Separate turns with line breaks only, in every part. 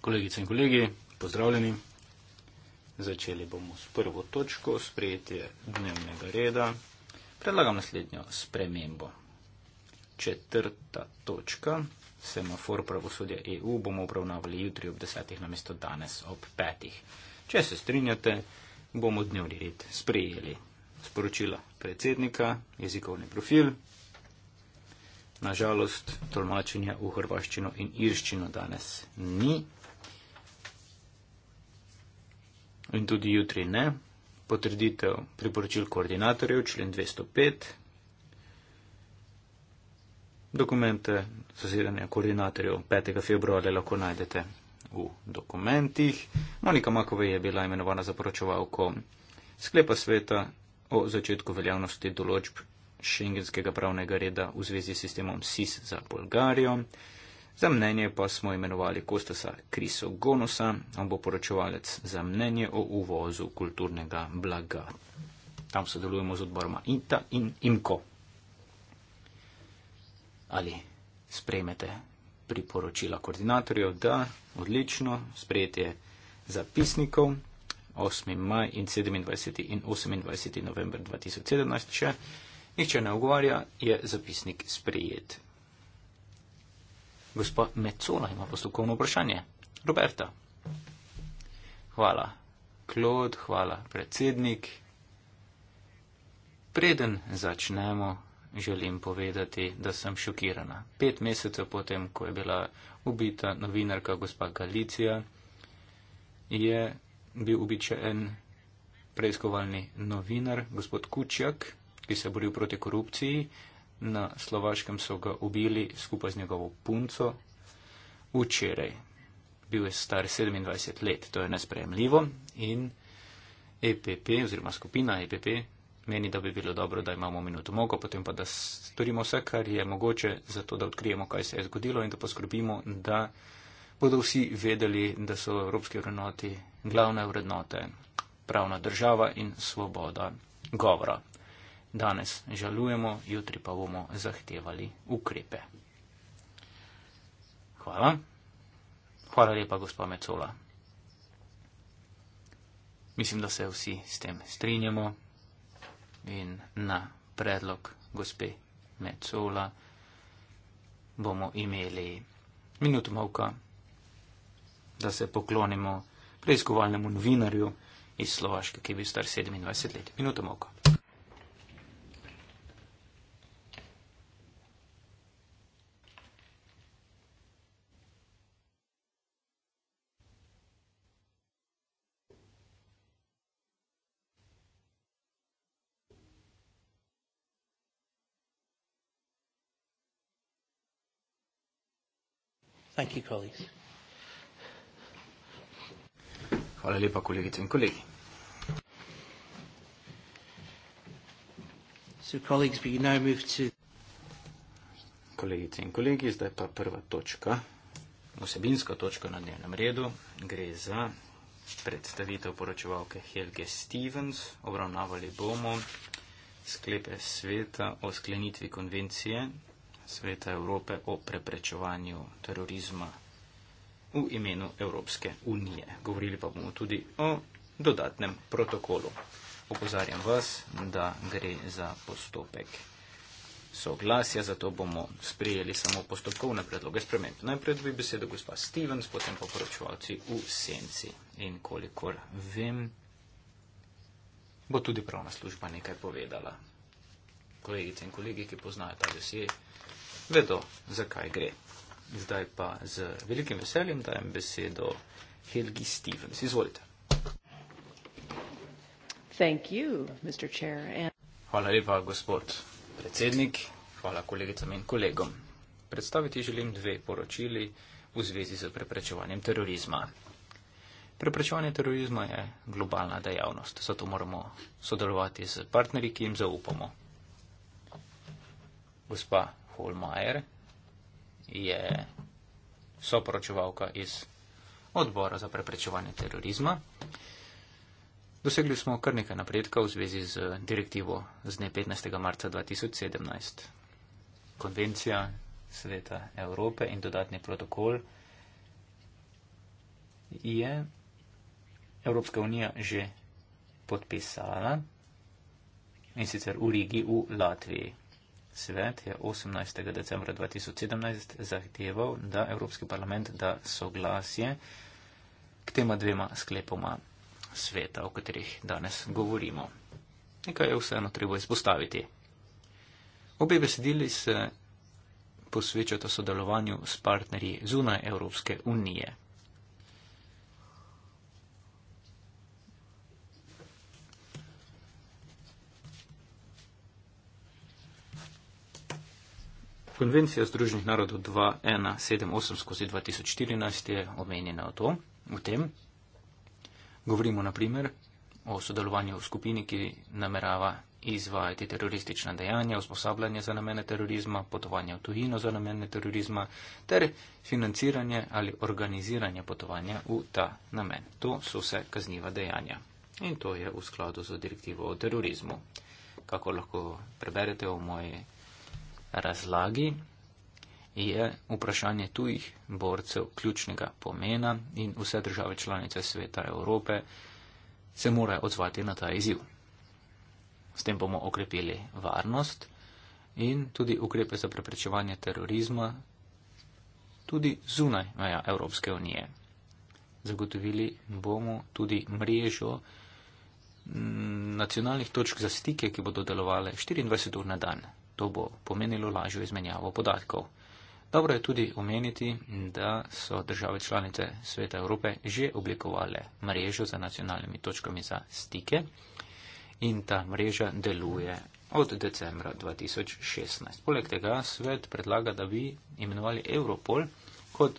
Kolegice in kolegi, pozdravljeni. Začeli bomo s prvo točko, sprejetje dnevnega reda. Predlagam naslednjo spremembo. Četrta točka, semafor pravosodja EU, bomo obravnavali jutri ob desetih na mesto danes ob petih. Če se strinjate, bomo dnevni red sprejeli. Sporočila predsednika, jezikovni profil. Nažalost, tolmačenja v hrvaščino in irščino danes ni, in tudi jutri ne. Potrditev priporočil koordinatorjev, člen 205. Dokumente zasedanja koordinatorjev 5. februarja lahko najdete v dokumentih. Monika Makove je bila imenovana za poročevalko sklepa sveta o začetku veljavnosti določb šengenskega pravnega reda v zvezi s sistemom SIS za Bolgarijo. Za mnenje pa smo imenovali Kostasa Krisogonosa, on bo poročevalec za mnenje o uvozu kulturnega blaga. Tam sodelujemo z odboroma INTA in IMKO. Ali sprejmete priporočila koordinatorjev, da odlično sprejetje zapisnikov 8. maj in 27. in 28. november 2017 še. Nihče ne ogovarja, je zapisnik sprejet. Gospod Mecola ima postopkovno vprašanje. Roberta. Hvala. Klod, hvala. Predsednik. Preden začnemo, želim povedati, da sem šokirana. Pet mesecev potem, ko je bila ubita novinarka gospa Galicija, je bil ubičen preiskovalni novinar gospod Kučjak, ki se je boril proti korupciji na Slovaškem so ga ubili skupaj z njegovo punco včeraj. Bil je star 27 let, to je nesprejemljivo in EPP oziroma skupina EPP meni, da bi bilo dobro, da imamo minuto mogo, potem pa da storimo vse, kar je mogoče, zato da odkrijemo, kaj se je zgodilo in da poskrbimo, da bodo vsi vedeli, da so evropske vrednote glavne vrednote pravna država in svoboda govora. Danes žalujemo, jutri pa bomo zahtevali ukrepe. Hvala. Hvala lepa, gospod Mecola. Mislim, da se vsi s tem strinjamo in na predlog gospe Mecola bomo imeli minut mavka, da se poklonimo preiskovalnemu novinarju iz Slovaške, ki je bil star 27 let. Minut mavka.
Thank you, colleagues.
Hvala lepa, kolegice in kolegi. Kolegice in kolegi, zdaj pa prva točka, osebinska točka na dnevnem redu, gre za predstavitev poročevalke Helge Stevens. Obravnavali bomo sklepe sveta o sklenitvi konvencije Sveta Evrope o preprečevanju terorizma v imenu Evropske unije. Govorili pa bomo tudi o dodatnem protokolu. Opozarjam vas, da gre za postopek soglasja, zato bomo sprijeli samo postopkovne predloge sprememb. Najprej dobi besedo gospa Stevens, potem pa poročevalci v senci. In kolikor vem, bo tudi pravna služba nekaj povedala. Kolegice in kolegi, ki poznajo ta dosje, vedo, zakaj gre. Zdaj pa z velikim veseljem dajem besedo Helgi Stevens. Izvolite.
You, Chair, and...
Hvala lepa, gospod predsednik. Hvala kolegicam in kolegom. Predstaviti želim dve poročili v zvezi z preprečevanjem terorizma. Preprečevanje terorizma je globalna dejavnost, zato moramo sodelovati z partnerji, ki jim zaupamo. Gospa Holmajer je soporočevalka iz odbora za preprečevanje terorizma. Dosegli smo kar nekaj napredka v zvezi z direktivo z dne 15. marca 2017. Konvencija Sveta Evrope in dodatni protokol je Evropska unija že podpisala in sicer v Rigi v Latviji. Svet je 18. decembra 2017 zahteval, da Evropski parlament da soglasje k tema dvema sklepoma sveta, o katerih danes govorimo. Nekaj je vseeno treba izpostaviti. Obe besedili se posvečata sodelovanju s partnerji zunaj Evropske unije. Konvencija Združenih narodov 2178 skozi 2014 je omenjena o, to, o tem. Govorimo naprimer o sodelovanju v skupini, ki namerava izvajati teroristična dejanja, usposabljanje za namene terorizma, potovanje v tujino za namene terorizma ter financiranje ali organiziranje potovanja v ta namen. To so vse kazniva dejanja in to je v skladu z direktivo o terorizmu. Kako lahko preberete v moji razlagi je vprašanje tujih borcev ključnega pomena in vse države članice sveta Evrope se morajo odzvati na ta izziv. S tem bomo okrepili varnost in tudi ukrepe za preprečevanje terorizma tudi zunaj meja Evropske unije. Zagotovili bomo tudi mrežo mm, nacionalnih točk za stike, ki bodo delovale 24 ur na dan, To bo pomenilo lažjo izmenjavo podatkov. Dobro je tudi omeniti, da so države članice Sveta Evrope že oblikovale mrežo za nacionalnimi točkami za stike in ta mreža deluje od decembra 2016. Poleg tega svet predlaga, da bi imenovali Europol kot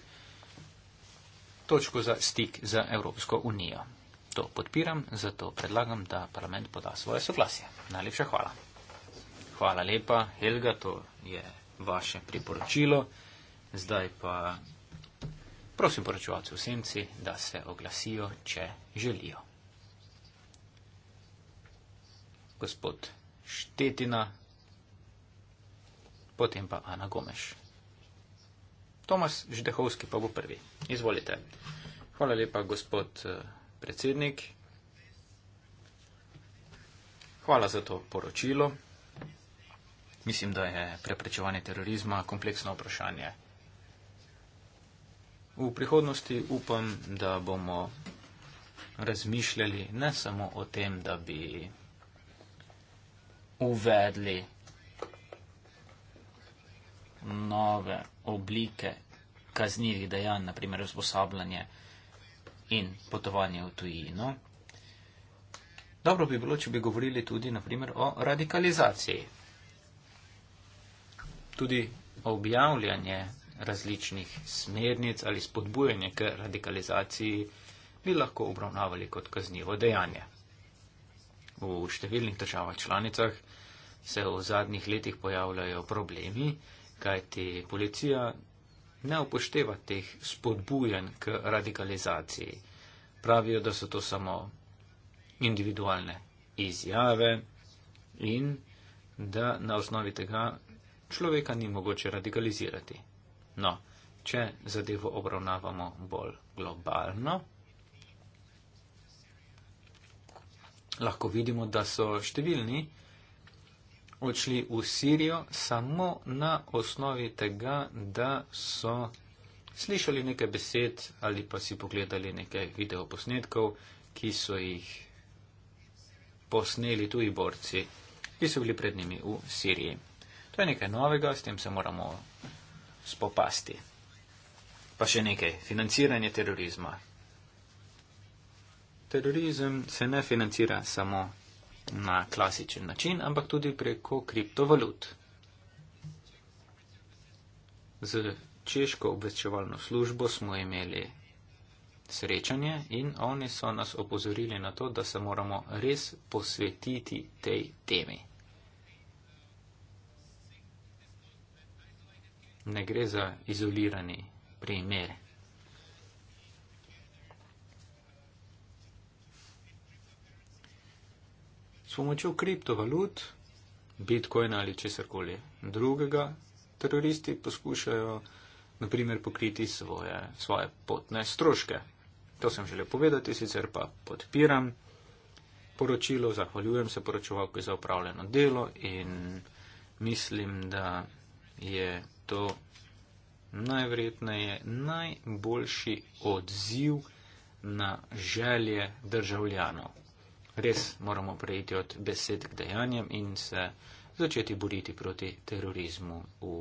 točko za stik za Evropsko unijo. To podpiram, zato predlagam, da parlament poda svoje soglasje. Najlepša hvala. Hvala lepa, Helga, to je vaše priporočilo. Zdaj pa prosim poročevalce v Senci, da se oglasijo, če želijo. Gospod Štetina, potem pa Ana Gomeš. Tomas Ždehovski pa bo prvi. Izvolite. Hvala lepa, gospod eh, predsednik. Hvala za to poročilo. Mislim, da je preprečevanje terorizma kompleksno vprašanje. V prihodnosti upam, da bomo razmišljali ne samo o tem, da bi uvedli nove oblike kaznivih dejanj, naprimer usposabljanje in potovanje v tujino. Dobro bi bilo, če bi govorili tudi naprimer o radikalizaciji tudi objavljanje različnih smernic ali spodbujanje k radikalizaciji bi lahko obravnavali kot kaznivo dejanje. V številnih državah članicah se v zadnjih letih pojavljajo problemi, kajti policija ne upošteva teh spodbujen k radikalizaciji. Pravijo, da so to samo individualne izjave in da na osnovi tega človeka ni mogoče radikalizirati. No, če zadevo obravnavamo bolj globalno, lahko vidimo, da so številni odšli v Sirijo samo na osnovi tega, da so slišali nekaj besed ali pa si pogledali nekaj videoposnetkov, ki so jih posneli tuji borci, ki so bili pred njimi v Siriji. To je nekaj novega, s tem se moramo spopasti. Pa še nekaj, financiranje terorizma. Terorizem se ne financira samo na klasičen način, ampak tudi preko kriptovalut. Z Češko obveščevalno službo smo imeli srečanje in oni so nas opozorili na to, da se moramo res posvetiti tej temi. ne gre za izolirani primer. S pomočjo kriptovalut, bitcoina ali česarkoli drugega, teroristi poskušajo naprimer pokriti svoje, svoje potne stroške. To sem želel povedati, sicer pa podpiram poročilo, zahvaljujem se poročovalki za upravljeno delo in mislim, da je to najverjetneje najboljši odziv na želje državljanov. Res moramo preiti od besed k dejanjem in se začeti boriti proti terorizmu v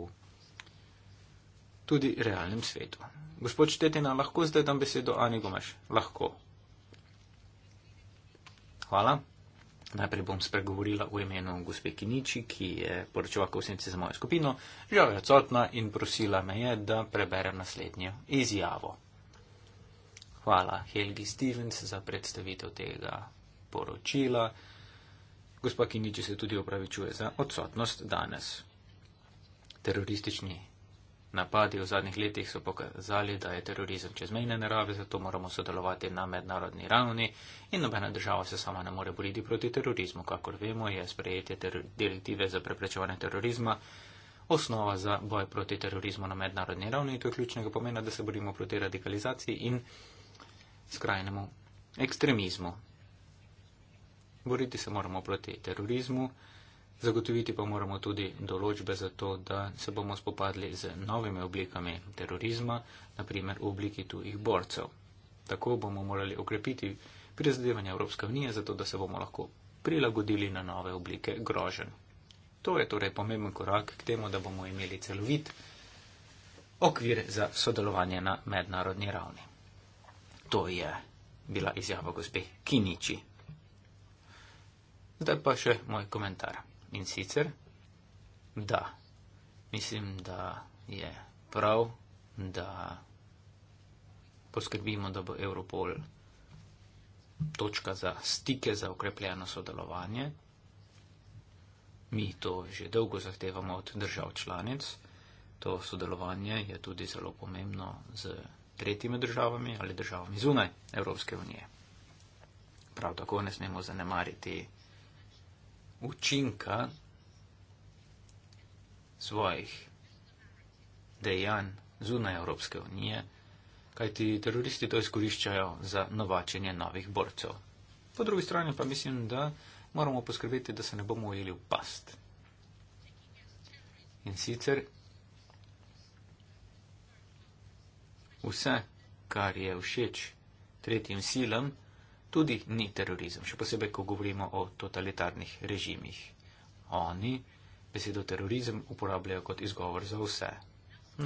tudi realnem svetu. Gospod Štetina, lahko zdaj dam besedo Ani Gomeš? Lahko. Hvala. Najprej bom spregovorila v imenu gospe Kiniči, ki je poročevalka v senci za mojo skupino, žal je odsotna in prosila me je, da preberem naslednjo izjavo. Hvala Helgi Stevens za predstavitev tega poročila. Gospa Kiniči se tudi opravičuje za odsotnost danes. Teroristični Napadi v zadnjih letih so pokazali, da je terorizem čezmejne narave, zato moramo sodelovati na mednarodni ravni in nobena država se sama ne more boriti proti terorizmu. Kakor vemo, je sprejetje direktive za preprečevanje terorizma osnova za boj proti terorizmu na mednarodni ravni in to je ključnega pomena, da se borimo proti radikalizaciji in skrajnemu ekstremizmu. Boriti se moramo proti terorizmu. Zagotoviti pa moramo tudi določbe za to, da se bomo spopadli z novimi oblikami terorizma, naprimer v obliki tujih borcev. Tako bomo morali okrepiti prizadevanje Evropske unije, zato da se bomo lahko prilagodili na nove oblike grožen. To je torej pomemben korak k temu, da bomo imeli celovit okvir za sodelovanje na mednarodni ravni. To je bila izjava gospe Kiniči. Zdaj pa še moj komentar. In sicer, da, mislim, da je prav, da poskrbimo, da bo Europol točka za stike, za okrepljeno sodelovanje. Mi to že dolgo zahtevamo od držav članic. To sodelovanje je tudi zelo pomembno z tretjimi državami ali državami zunaj Evropske unije. Prav tako ne smemo zanemariti učinka svojih dejanj zunaj Evropske unije, kajti teroristi to izkoriščajo za novačenje novih borcev. Po drugi strani pa mislim, da moramo poskrbeti, da se ne bomo ujeli v past. In sicer vse, kar je všeč tretjim silam, tudi ni terorizem, še posebej, ko govorimo o totalitarnih režimih. Oni besedo terorizem uporabljajo kot izgovor za vse.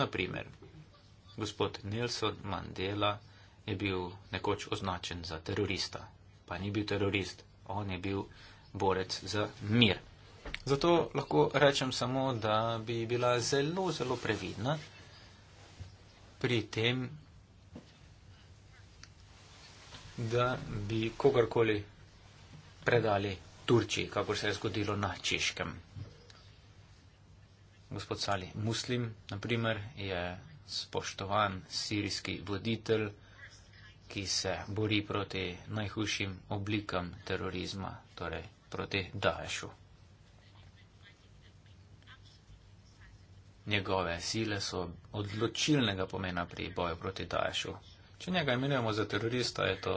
Naprimer, gospod Nelson Mandela je bil nekoč označen za terorista, pa ni bil terorist, on je bil borec za mir. Zato lahko rečem samo, da bi bila zelo, zelo previdna pri tem, da bi kogarkoli predali Turčiji, kako se je zgodilo na Češkem. Gospod Sali Muslim, na primer, je spoštovan sirijski voditelj, ki se bori proti najhujšim oblikam terorizma, torej proti Daešu. Njegove sile so odločilnega pomena pri boju proti Daešu. Če njega imenujemo za terorista, je to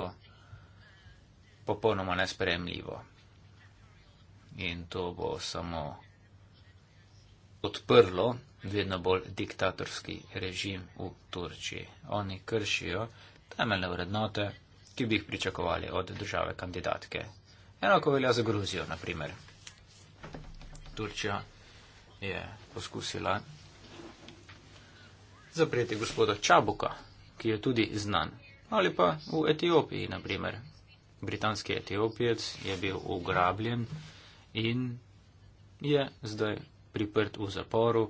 popolnoma nespremljivo. In to bo samo odprlo vedno bolj diktatorski režim v Turčiji. Oni kršijo temeljne vrednote, ki bi jih pričakovali od države kandidatke. Enako velja za Gruzijo, na primer. Turčija je poskusila zapreti gospoda Čabuka ki je tudi znan. Ali pa v Etiopiji, na primer. Britanski etiopijec je bil ugrabljen in je zdaj priprt v zaporu,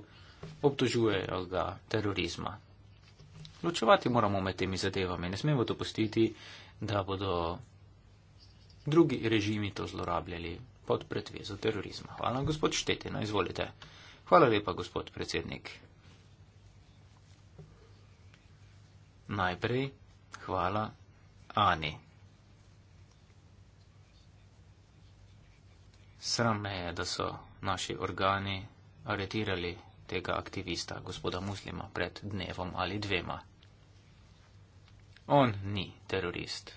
obtožujejo ga terorizma. Ločevati moramo med temi zadevami, ne smemo dopustiti, da bodo drugi režimi to zlorabljali pod pretvezo terorizma. Hvala, gospod Štetina, izvolite. Hvala lepa, gospod predsednik. Najprej hvala Ani. Sram me je, da so naši organi aretirali tega aktivista, gospoda Muslima, pred dnevom ali dvema. On ni terorist.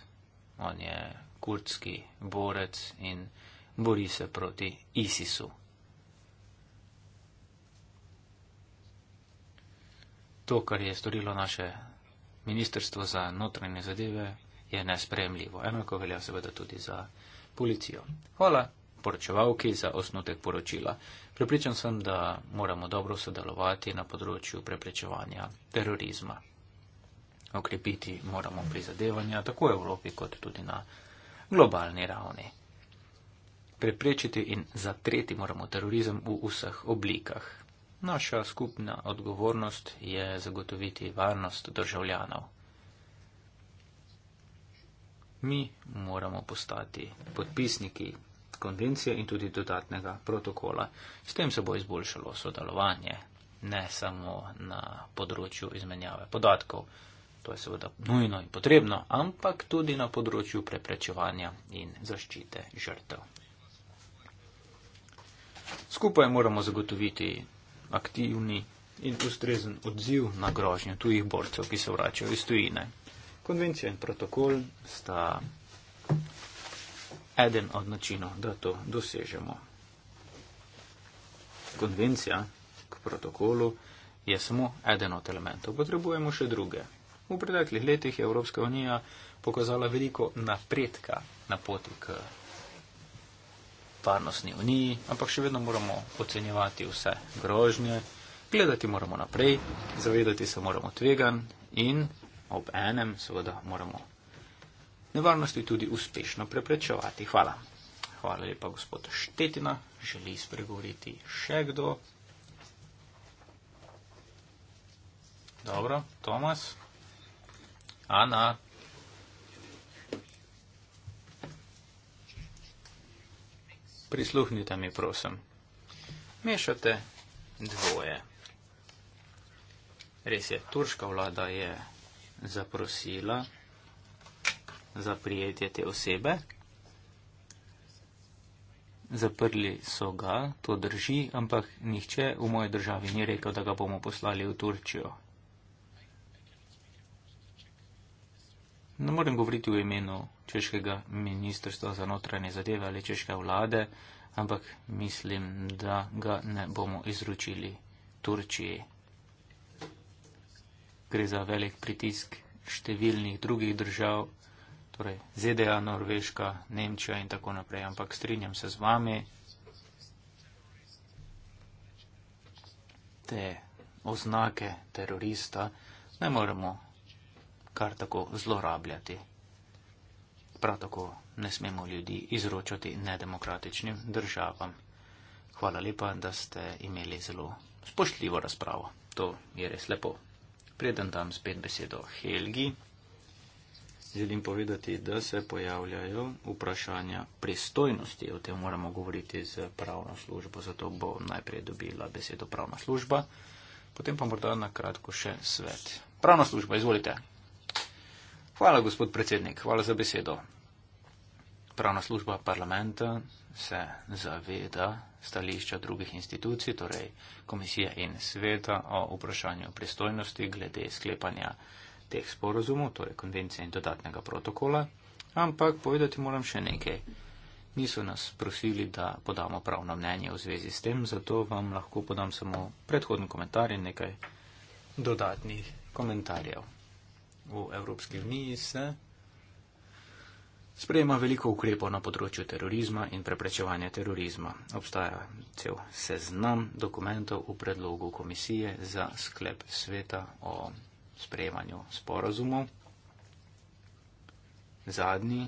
On je kurdski borec in bori se proti ISISu. To, kar je storilo naše Ministrstvo za notranje zadeve je nespremljivo. Enako velja seveda tudi za policijo. Hvala poročevalki za osnutek poročila. Pripričan sem, da moramo dobro sodelovati na področju preprečevanja terorizma. Okrepiti moramo prizadevanja tako v Evropi kot tudi na globalni ravni. Preprečiti in zatreti moramo terorizem v vseh oblikah. Naša skupna odgovornost je zagotoviti varnost državljanov. Mi moramo postati podpisniki konvencije in tudi dodatnega protokola. S tem se bo izboljšalo sodelovanje, ne samo na področju izmenjave podatkov, to je seveda nujno in potrebno, ampak tudi na področju preprečevanja in zaščite žrtev. Skupaj moramo zagotoviti aktivni in ustrezen odziv na grožnje tujih borcev, ki se vračajo iz tujine. Konvencija in protokol sta eden od načinov, da to dosežemo. Konvencija k protokolu je samo eden od elementov, potrebujemo še druge. V preteklih letih je Evropska unija pokazala veliko napredka na poti k varnostni uniji, ampak še vedno moramo ocenjevati vse grožnje, gledati moramo naprej, zavedati se moramo tvegan in ob enem seveda moramo nevarnosti tudi uspešno preprečevati. Hvala. Hvala lepa, gospod Štetina. Želi spregovoriti še kdo? Dobro, Tomas. Ana, Prisluhnite mi, prosim. Mešate dvoje. Res je, turška vlada je zaprosila za prijetje te osebe. Zaprli so ga, to drži, ampak nihče v moji državi ni rekel, da ga bomo poslali v Turčijo. ne morem govoriti v imenu češkega ministrstva za notranje zadeve ali češke vlade, ampak mislim, da ga ne bomo izročili Turčiji. Gre za velik pritisk številnih drugih držav, torej ZDA, Norveška, Nemčija in tako naprej, ampak strinjam se z vami. Te oznake terorista ne moremo kar tako zlorabljati. Prav tako ne smemo ljudi izročati nedemokratičnim državam. Hvala lepa, da ste imeli zelo spoštljivo razpravo. To je res lepo. Preden dam spet besedo Helgi, želim povedati, da se pojavljajo vprašanja pristojnosti. O tem moramo govoriti z pravno službo, zato bo najprej dobila besedo pravna služba, potem pa morda na kratko še svet. Pravna služba, izvolite. Hvala, gospod predsednik, hvala za besedo. Pravna služba parlamenta se zaveda stališča drugih institucij, torej komisije in sveta o vprašanju pristojnosti glede sklepanja teh sporozumov, torej konvencije in dodatnega protokola, ampak povedati moram še nekaj. Niso nas prosili, da podamo pravno mnenje v zvezi s tem, zato vam lahko podam samo predhodni komentar in nekaj dodatnih komentarjev v Evropski uniji se sprejema veliko ukrepov na področju terorizma in preprečevanja terorizma. Obstaja cel seznam dokumentov v predlogu komisije za sklep sveta o sprejemanju sporazumov. Zadnji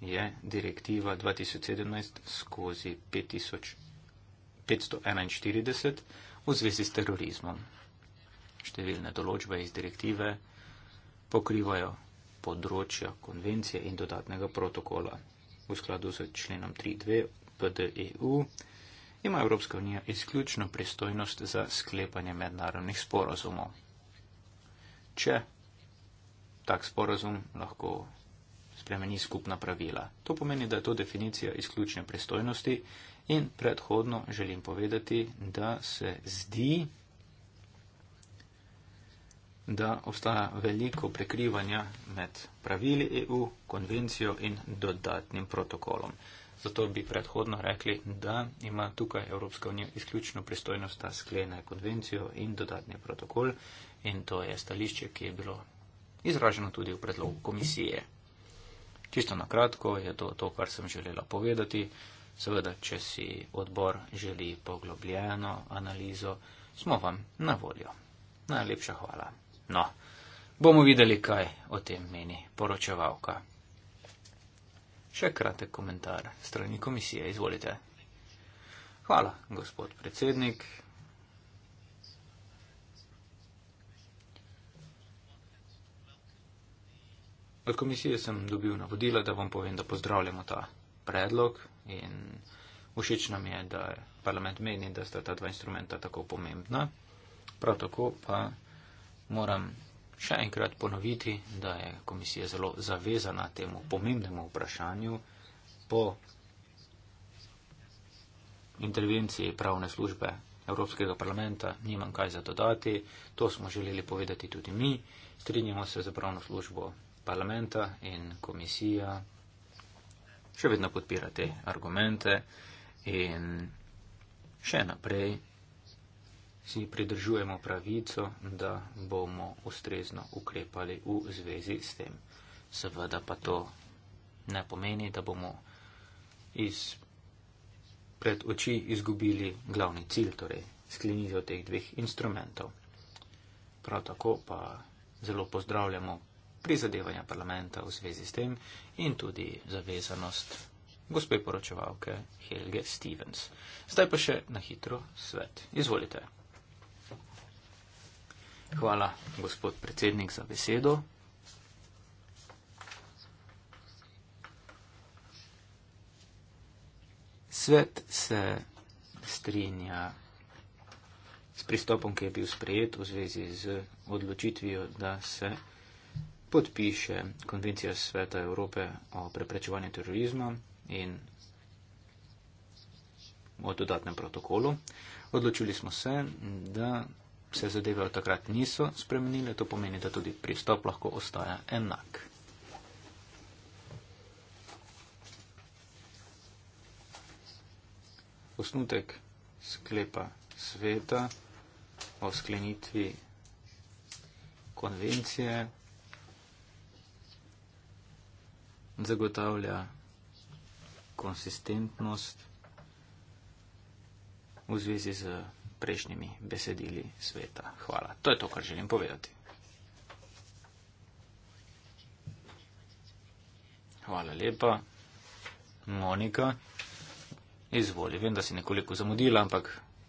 je direktiva 2017 skozi 5541 v zvezi s terorizmom. Številne določbe iz direktive pokrivajo področja konvencije in dodatnega protokola. V skladu z členom 3.2 PDEU ima Evropska unija izključno pristojnost za sklepanje mednarodnih sporazumov. Če tak sporazum lahko spremeni skupna pravila. To pomeni, da je to definicija izključne pristojnosti in predhodno želim povedati, da se zdi, da obstaja veliko prekrivanja med pravili EU, konvencijo in dodatnim protokolom. Zato bi predhodno rekli, da ima tukaj Evropska unija izključno pristojnost, da sklene konvencijo in dodatni protokol in to je stališče, ki je bilo izraženo tudi v predlogu komisije. Čisto na kratko je to to, kar sem želela povedati. Seveda, če si odbor želi poglobljeno analizo, smo vam na voljo. Najlepša hvala. No, bomo videli, kaj o tem meni poročevalka. Še kratek komentar strani komisije, izvolite. Hvala, gospod predsednik. Od komisije sem dobil navodila, da vam povem, da pozdravljamo ta predlog in všeč nam je, da parlament meni, da sta ta dva instrumenta tako pomembna. Prav tako pa moram še enkrat ponoviti, da je komisija zelo zavezana temu pomembnemu vprašanju po intervenciji pravne službe Evropskega parlamenta. Nimam kaj za dodati, to smo želeli povedati tudi mi. Strinjamo se za pravno službo parlamenta in komisija še vedno podpira te argumente in še naprej si pridržujemo pravico, da bomo ustrezno ukrepali v zvezi s tem. Seveda pa to ne pomeni, da bomo iz pred oči izgubili glavni cilj, torej sklenitev teh dveh instrumentov. Prav tako pa zelo pozdravljamo prizadevanja parlamenta v zvezi s tem in tudi zavezanost gospe poročevalke Helge Stevens. Zdaj pa še na hitro svet. Izvolite. Hvala, gospod predsednik, za besedo. Svet se strinja s pristopom, ki je bil sprejet v zvezi z odločitvijo, da se podpiše Konvencija Sveta Evrope o preprečevanju terorizma in o dodatnem protokolu. Odločili smo se, da se zadeve od takrat niso spremenile, to pomeni, da tudi pristop lahko ostaja enak. Osnutek sklepa sveta o sklenitvi konvencije zagotavlja konsistentnost v zvezi z prejšnjimi besedili sveta. Hvala. To je to, kar želim povedati. Hvala lepa. Monika, izvoli, vem, da si nekoliko zamudila, ampak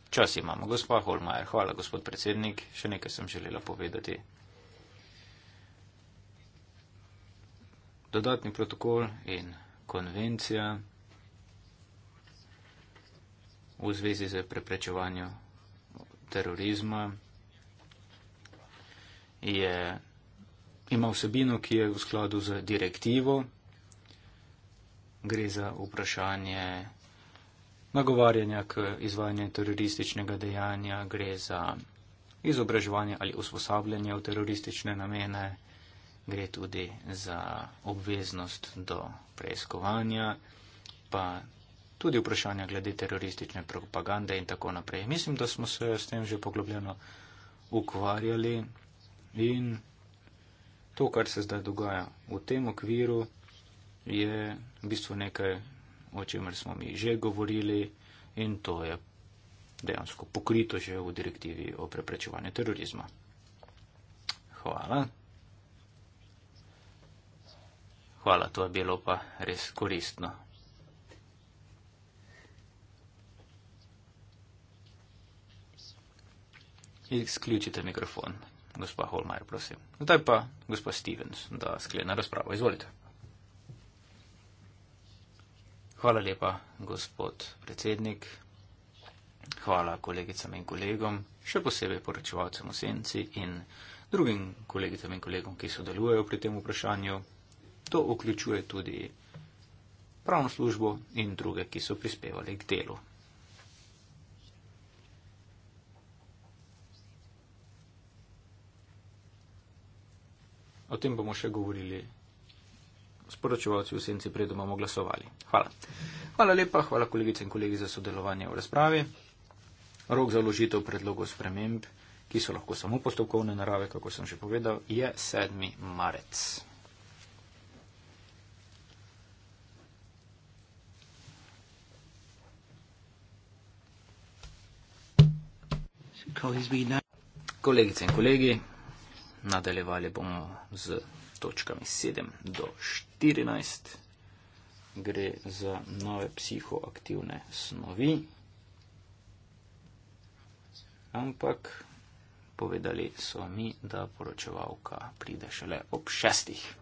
čas imamo, gospa Holmajer. Hvala, gospod predsednik. Še nekaj sem želela povedati. Dodatni protokol in konvencija v zvezi z preprečevanjem terorizma je, ima vsebino, ki je v skladu z direktivo. Gre za vprašanje nagovarjanja k izvajanju terorističnega dejanja, gre za izobraževanje ali usposabljanje v teroristične namene, gre tudi za obveznost do preiskovanja, pa tudi vprašanja glede teroristične propagande in tako naprej. Mislim, da smo se s tem že poglobljeno ukvarjali in to, kar se zdaj dogaja v tem okviru, je v bistvu nekaj, o čemer smo mi že govorili in to je dejansko pokrito že v direktivi o preprečevanju terorizma. Hvala. Hvala, to je bilo pa res koristno. Izključite mikrofon, gospa Holmajer, prosim. Zdaj pa gospa Stevens, da sklene razpravo. Izvolite. Hvala lepa, gospod predsednik. Hvala kolegicam in kolegom, še posebej poročevalcem v senci in drugim kolegicam in kolegom, ki sodelujejo pri tem vprašanju. To vključuje tudi pravno službo in druge, ki so prispevali k delu. O tem bomo še govorili s poročevalci v senci, predem bomo glasovali. Hvala. Hvala lepa, hvala kolegice in kolegi za sodelovanje v razpravi. Rok za vložitev predlogov sprememb, ki so lahko samo postopkovne narave, kako sem že povedal, je 7. marec. Kolegice in kolegi, nadaljevali bomo z točkami 7 do 14. Gre za nove psihoaktivne snovi. Ampak povedali so mi, da poročevalka pride šele ob šestih.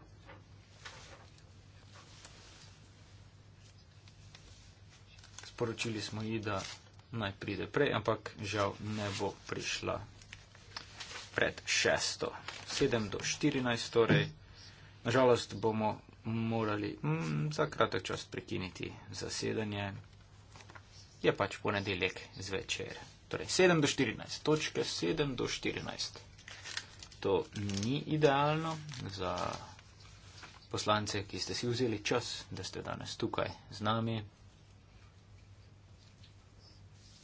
Sporočili smo ji, da naj pride prej, ampak žal ne bo prišla pred šesto. Sedem do štirinajst torej. Nažalost bomo morali mm, za kratek čas prekiniti zasedanje. Je pač ponedeljek zvečer. Torej, 7 do 14, točke 7 do 14. To ni idealno za poslance, ki ste si vzeli čas, da ste danes tukaj z nami.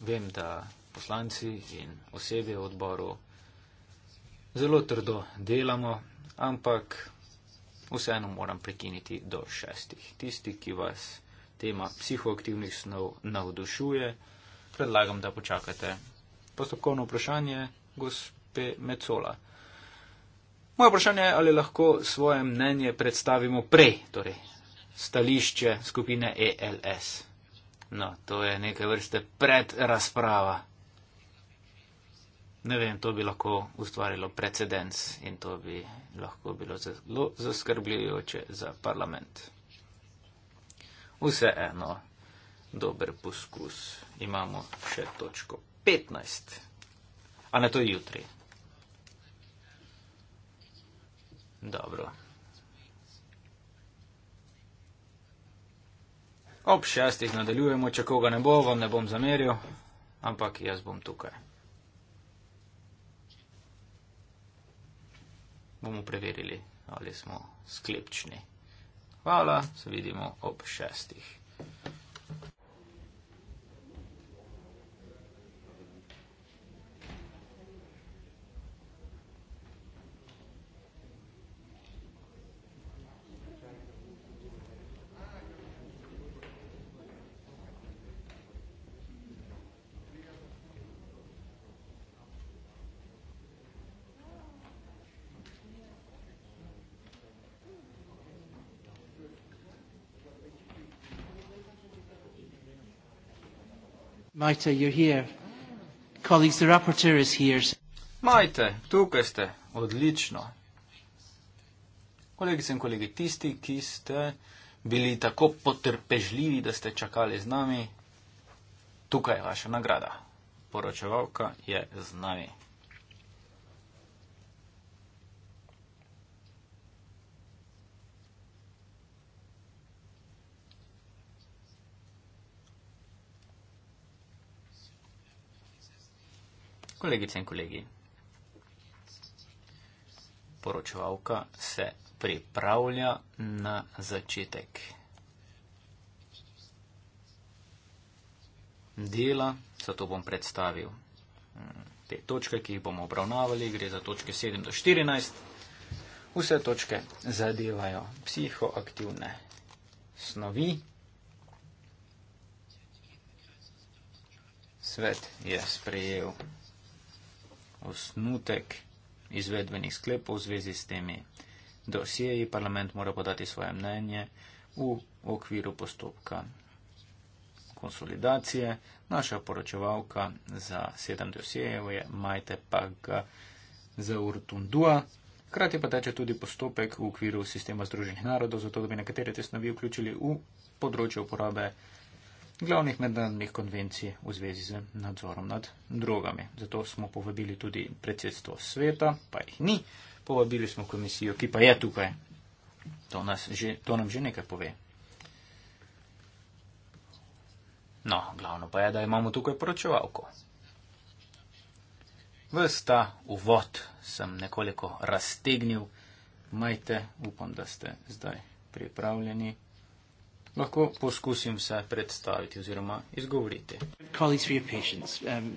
Vem, da poslanci in osebe v odboru Zelo trdo delamo, ampak vseeno moram prekiniti do šestih. Tisti, ki vas tema psihoaktivnih snov navdušuje, predlagam, da počakate. Postopkovno vprašanje gospe Mecola. Moje vprašanje je, ali lahko svoje mnenje predstavimo prej, torej stališče skupine ELS. No, to je neke vrste predrasprava ne vem, to bi lahko ustvarilo precedens in to bi lahko bilo zelo zaskrbljujoče za parlament. Vseeno, dober poskus. Imamo še točko 15. A ne to jutri? Dobro. Ob šestih nadaljujemo, če koga ne bo, vam ne bom zameril, ampak jaz bom tukaj. bomo preverili, ali smo sklepčni. Hvala, se vidimo ob šestih.
Majte, you're here. Colleagues, the rapporteur is here.
Majte, tukaj ste. Odlično. Kolegice in kolegi, tisti, ki ste bili tako potrpežljivi, da ste čakali z nami, tukaj je vaša nagrada. Poročevalka je z nami. Kolegice in kolegi, poročevalka se pripravlja na začetek dela, zato bom predstavil mm, te točke, ki jih bomo obravnavali. Gre za točke 7 do 14. Vse točke zadevajo psihoaktivne snovi. Svet je sprejel osnutek izvedbenih sklepov v zvezi s temi dosjeji. Parlament mora podati svoje mnenje v okviru postopka konsolidacije. Naša poročevalka za sedem dosjejev je Majte Paga za Urtundua. Hkrati pa teče tudi postopek v okviru sistema Združenih narodov, zato da bi nekatere te snovi vključili v področje uporabe glavnih mednarodnih konvencij v zvezi z nadzorom nad drogami. Zato smo povabili tudi predsedstvo sveta, pa jih ni, povabili smo komisijo, ki pa je tukaj. To, že, to nam že nekaj pove. No, glavno pa je, da imamo tukaj poročevalko. Ves ta uvod sem nekoliko raztegnil. Majte, upam, da ste zdaj pripravljeni lahko poskusim se predstaviti oziroma izgovoriti. Um,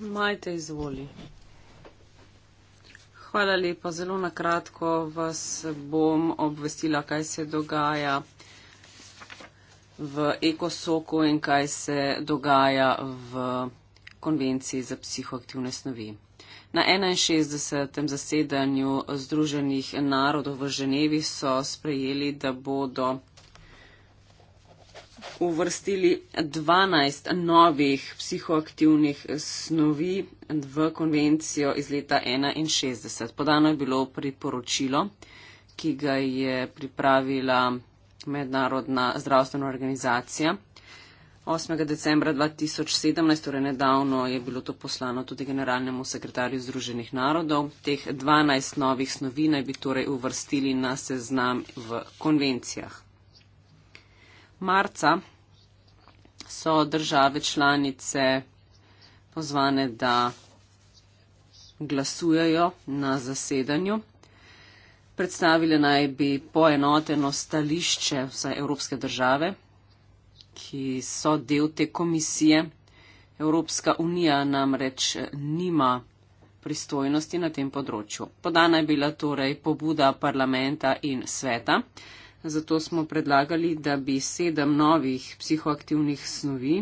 Majte, izvoli. Hvala lepa. Zelo na kratko vas bom obvestila, kaj se dogaja v ekosoku in kaj se dogaja v konvenciji za psihoaktivne snovi. Na 61. zasedanju Združenih narodov v Ženevi so sprejeli, da bodo uvrstili 12 novih psihoaktivnih snovi v konvencijo iz leta 61. Podano je bilo priporočilo, ki ga je pripravila Mednarodna zdravstvena organizacija. 8. decembra 2017, torej nedavno, je bilo to poslano tudi generalnemu sekretarju Združenih narodov. Teh 12 novih snovi naj bi torej uvrstili na seznam v konvencijah. Marca so države članice pozvane, da glasujejo na zasedanju. Predstavile naj bi poenoteno stališče vse evropske države ki so del te komisije. Evropska unija namreč eh, nima pristojnosti na tem področju. Podana je bila torej pobuda parlamenta in sveta, zato smo predlagali, da bi sedem novih psihoaktivnih snovi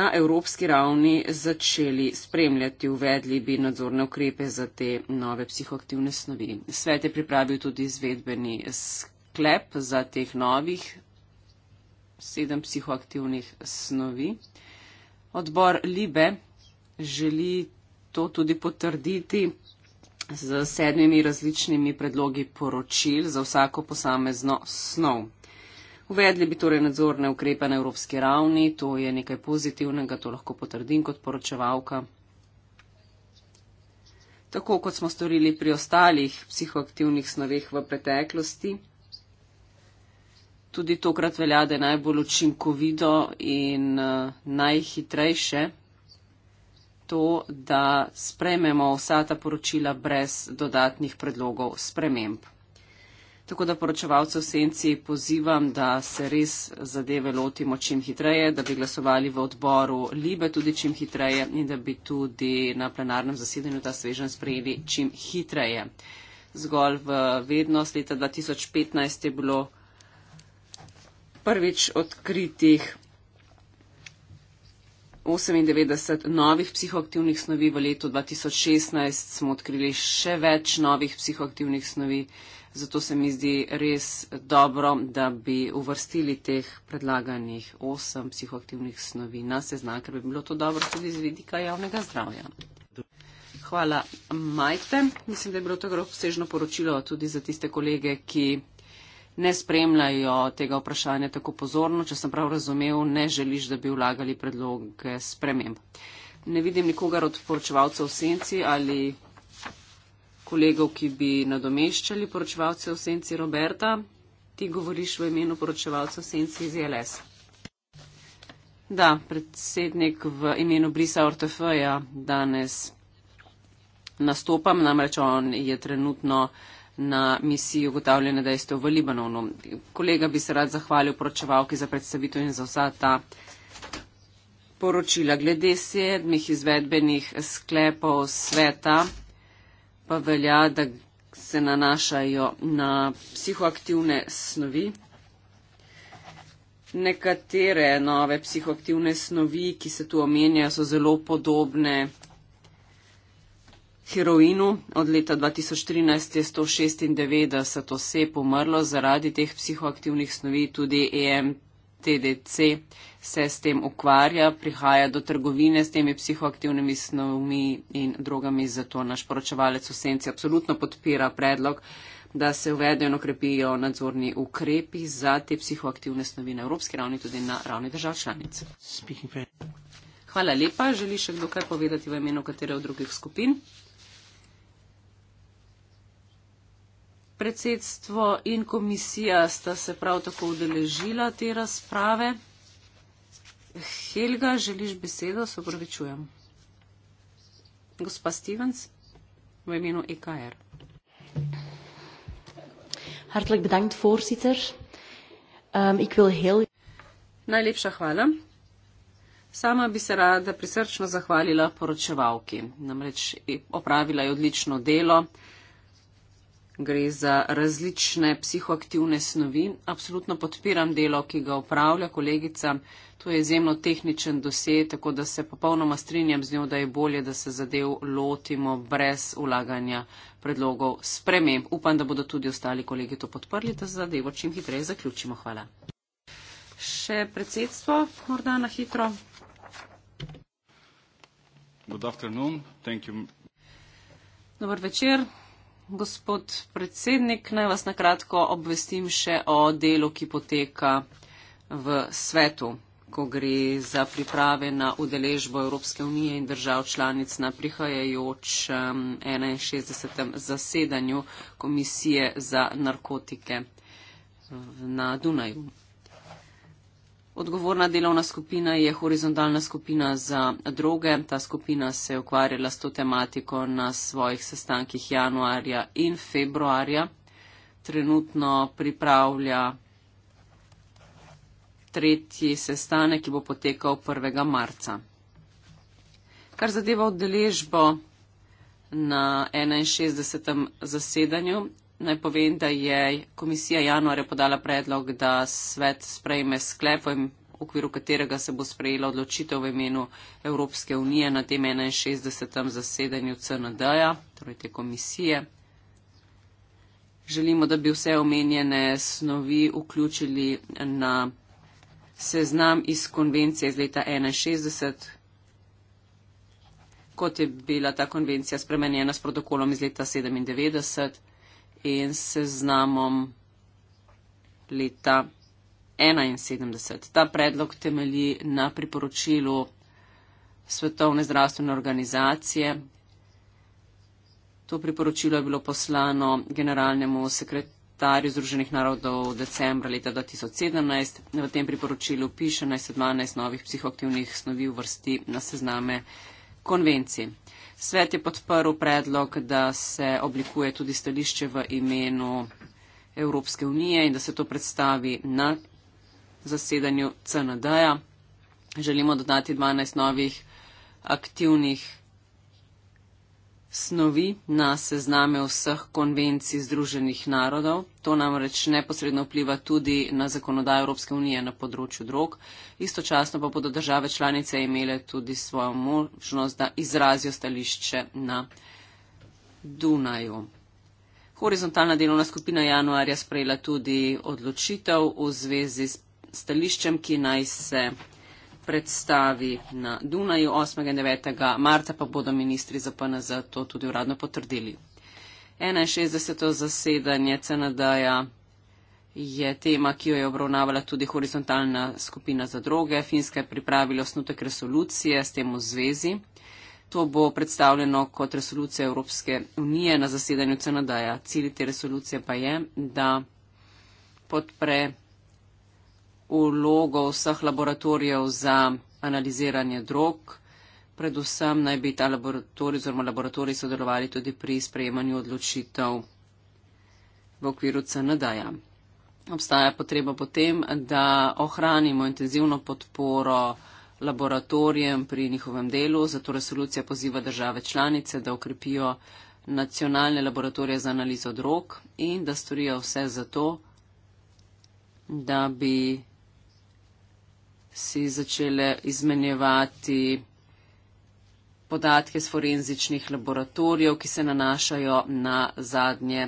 na evropski ravni začeli spremljati, uvedli bi nadzorne ukrepe za te nove psihoaktivne snovi. Svet je pripravil tudi izvedbeni sklep sklep za teh novih sedem psihoaktivnih snovi. Odbor Libe želi to tudi potrditi z sedmimi različnimi predlogi poročil za vsako posamezno snov. Uvedli bi torej nadzorne ukrepe na evropski ravni, to je nekaj pozitivnega, to lahko potrdim kot poročevalka. Tako kot smo storili pri ostalih psihoaktivnih snoveh v preteklosti, tudi tokrat velja, da je najbolj učinkovito in uh, najhitrejše to, da sprememo vsa ta poročila brez dodatnih predlogov sprememb. Tako da poročevalce v senci pozivam, da se res zadeve lotimo čim hitreje, da bi glasovali v odboru Libe tudi čim hitreje in da bi tudi na plenarnem zasedanju ta svežen sprejeli čim hitreje. Zgolj v vednost leta 2015 je bilo prvič odkritih 98 novih psihoaktivnih snovi, v letu 2016 smo odkrili še več novih psihoaktivnih snovi, zato se mi zdi res dobro, da bi uvrstili teh predlaganih 8 psihoaktivnih snovi na seznam, ker bi bilo to dobro tudi z vidika javnega zdravja. Hvala Majte. Mislim, da je bilo to grob sežno poročilo tudi za tiste kolege, ki ne spremljajo tega vprašanja tako pozorno, če sem prav razumev, ne želiš, da bi vlagali predloge sprememb. Ne vidim nikogar od poročevalcev v senci ali kolegov, ki bi nadomeščali poročevalce v senci Roberta. Ti govoriš v imenu poročevalcev v senci iz LS. Da, predsednik v imenu Brisa Ortefeja danes nastopam, namreč on je trenutno na misiji ugotavljanja dejstev v Libanonu. Kolega bi se rad zahvalil poročevalki za predstavitev in za vsa ta poročila. Glede sedmih izvedbenih sklepov sveta pa velja, da se nanašajo na psihoaktivne snovi. Nekatere nove psihoaktivne snovi, ki se tu omenjajo, so zelo podobne heroinu. Od leta 2013 je 196 oseb umrlo zaradi teh psihoaktivnih snovi, tudi EMTDC se s tem ukvarja, prihaja do trgovine s temi psihoaktivnimi snovmi in drogami, zato naš poročevalec v senci absolutno podpira predlog da se uvedejo in okrepijo nadzorni ukrepi za te psihoaktivne snovi na evropski ravni, tudi na ravni držav članic. Hvala lepa. Želi še kdo kaj povedati v imenu katere od drugih skupin? predsedstvo in komisija sta se prav tako udeležila te razprave. Helga, želiš besedo? Se upravičujem. Gospa Stevens, v imenu EKR. Hartlik bedankt, voorzitter. Um, ik wil heel... Najlepša hvala. Sama bi se rada prisrčno zahvalila poročevalki. Namreč eh, opravila je odlično delo. Uh, gre za različne psihoaktivne snovi. Absolutno podpiram delo, ki ga upravlja kolegica. To je izjemno tehničen dosej, tako da se popolnoma strinjam z njo, da je bolje, da se zadev lotimo brez ulaganja predlogov sprememb. Upam, da bodo tudi ostali kolegi to podprli, da zadevo čim hitreje zaključimo. Hvala. Še predsedstvo, morda na hitro. Dobro večer. Gospod predsednik, naj vas nakratko obvestim še o delu, ki poteka v svetu, ko gre za priprave na udeležbo Evropske unije in držav članic na prihajajoč 61. Um, zasedanju Komisije za narkotike na Dunaju. Odgovorna delovna skupina je horizontalna skupina za droge. Ta skupina se je ukvarjala s to tematiko na svojih sestankih januarja in februarja. Trenutno pripravlja tretji sestanek, ki bo potekal 1. marca. Kar zadeva oddeležbo na 61. zasedanju Naj povem, da je komisija januarja podala predlog, da svet sprejme sklep, v okviru katerega se bo sprejela odločitev v imenu Evropske unije na tem 61. zasedanju CND-ja, torej te komisije. Želimo, da bi vse omenjene snovi vključili na seznam iz konvencije iz leta 61, kot je bila ta konvencija spremenjena s protokolom iz leta 97 in seznamom leta 1971. Ta predlog temelji na priporočilu Svetovne zdravstvene organizacije. To priporočilo je bilo poslano generalnemu sekretarju Združenih narodov decembra leta 2017. V tem priporočilu piše naj se 12 novih psihoaktivnih snovi uvrsti na sezname konvencij. Svet je podprl predlog, da se oblikuje tudi stališče v imenu Evropske unije in da se to predstavi na zasedanju CND-ja. Želimo dodati 12 novih aktivnih snovi na sezname vseh konvencij Združenih narodov. To namreč neposredno vpliva tudi na zakonodajo Evropske unije na področju drog. Istočasno pa bodo države članice imele tudi svojo možnost, da izrazijo stališče na Dunaju. Horizontalna delovna skupina januarja sprejela tudi odločitev v zvezi s stališčem, ki naj se predstavi na Dunaju 8. in 9. marca, pa bodo ministri za PNZ to tudi uradno potrdili. 61. zasedanje CND-ja je tema, ki jo je obravnavala tudi horizontalna skupina za droge. Finska je pripravila osnutek resolucije s tem v zvezi. To bo predstavljeno kot resolucija Evropske unije na zasedanju CND-ja. Cilj te resolucije pa je, da podpre vlogo vseh laboratorijev za analiziranje drog. Predvsem naj bi ta laboratorij oziroma laboratorij sodelovali tudi pri sprejemanju odločitev v okviru CNDA. Obstaja potreba potem, da ohranimo intenzivno podporo laboratorijem pri njihovem delu, zato resolucija poziva države članice, da okrepijo nacionalne laboratorije za analizo drog in da storijo vse za to, da bi si začele izmenjevati podatke z forenzičnih laboratorijev, ki se nanašajo na zadnje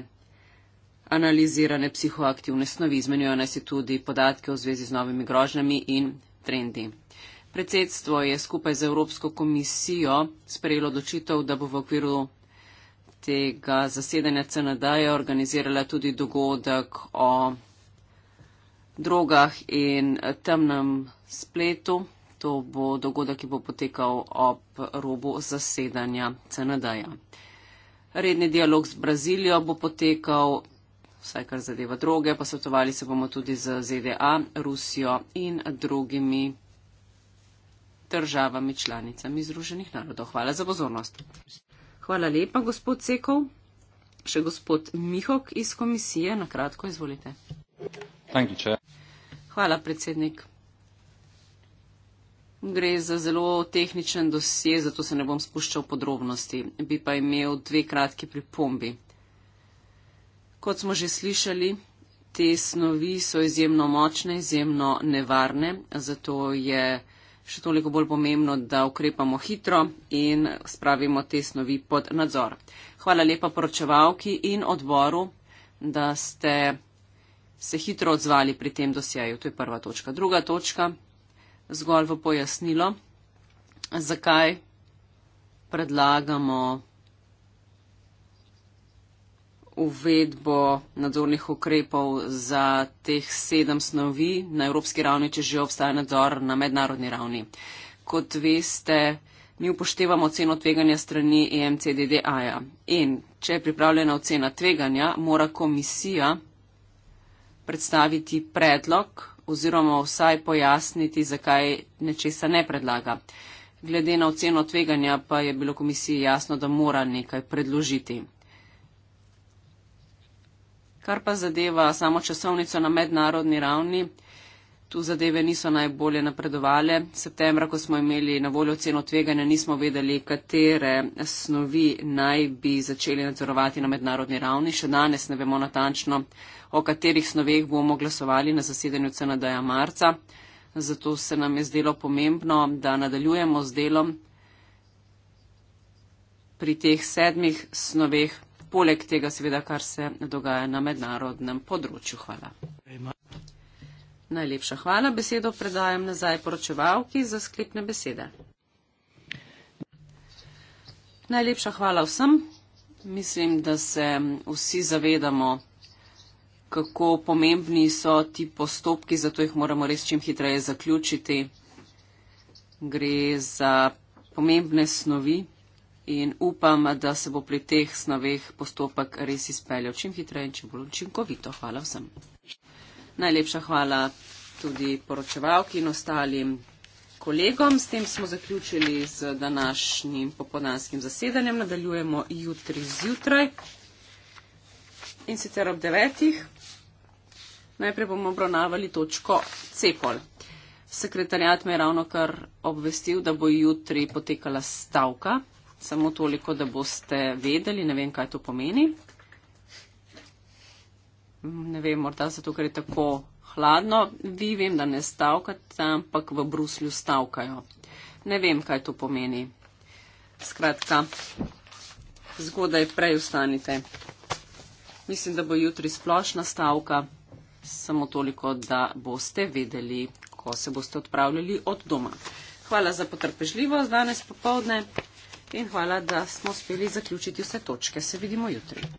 analizirane psihoaktivne snovi. Izmenjujo naj si tudi podatke v zvezi z novimi grožnjami in trendi. Predsedstvo je skupaj z Evropsko komisijo sprejelo odločitev, da bo v okviru tega zasedanja CND-ja organizirala tudi dogodek o drogah in temnem spletu. To bo dogodek, ki bo potekal ob robu zasedanja CND-ja. Redni dialog z Brazilijo bo potekal, vsaj kar zadeva droge, pa svetovali se bomo tudi z ZDA, Rusijo in drugimi državami članicami Združenih narodov. Hvala za pozornost. Hvala lepa, gospod Sekov. Še gospod Mihok iz komisije, na kratko izvolite. Hvala, predsednik. Gre za zelo tehničen dosje, zato se ne bom spuščal podrobnosti, bi pa imel dve kratki pripombi. Kot smo že slišali, te snovi so izjemno močne, izjemno nevarne, zato je še toliko bolj pomembno, da ukrepamo hitro in spravimo te snovi pod nadzor. Hvala lepa poročevalki in odboru, da ste se hitro odzvali pri tem dosjeju. To je prva točka. Druga točka zgolj v pojasnilo, zakaj predlagamo uvedbo nadzornih ukrepov za teh sedem snovi na evropski ravni, če že obstaja nadzor na mednarodni ravni. Kot veste, mi upoštevamo oceno tveganja strani EMCDDA-ja in če je pripravljena ocena tveganja, mora komisija predstaviti predlog oziroma vsaj pojasniti, zakaj nečesa ne predlaga. Glede na oceno tveganja pa je bilo komisiji jasno, da mora nekaj predložiti. Kar pa zadeva samo časovnico na mednarodni ravni, tu zadeve niso najbolje napredovale. Septembra, ko smo imeli na voljo ceno tveganja, nismo vedeli, katere snovi naj bi začeli nadzorovati na mednarodni ravni. Še danes ne vemo natančno, o katerih snoveh bomo glasovali na zasedanju CNDA marca. Zato se nam je zdelo pomembno, da nadaljujemo z delom pri teh sedmih snoveh, poleg tega seveda, kar se dogaja na mednarodnem področju. Hvala. Najlepša hvala. Besedo predajam nazaj poročevalki za sklepne besede. Najlepša hvala vsem. Mislim, da se vsi zavedamo, kako pomembni so ti postopki, zato jih moramo res čim hitreje zaključiti. Gre za pomembne snovi in upam, da se bo pri teh snoveh postopek res izpeljal čim hitreje in čim bolj učinkovito. Hvala vsem. Najlepša hvala tudi poročevalki in ostalim kolegom. S tem smo zaključili z današnjim popodanskim zasedanjem. Nadaljujemo jutri zjutraj in sicer ob devetih. Najprej bomo obravnavali točko Cepol. Sekretarjat me je ravno kar obvestil, da bo jutri potekala stavka. Samo toliko, da boste vedeli, ne vem, kaj to pomeni, ne vem, morda zato, ker je tako hladno. Vi vem, da ne stavkate, ampak v Bruslju stavkajo. Ne vem, kaj to pomeni. Skratka, zgodaj prej ustanite. Mislim, da bo jutri splošna stavka, samo toliko, da boste vedeli, ko se boste odpravljali od doma. Hvala za potrpežljivost danes popovdne in hvala, da smo uspeli zaključiti vse točke. Se vidimo jutri.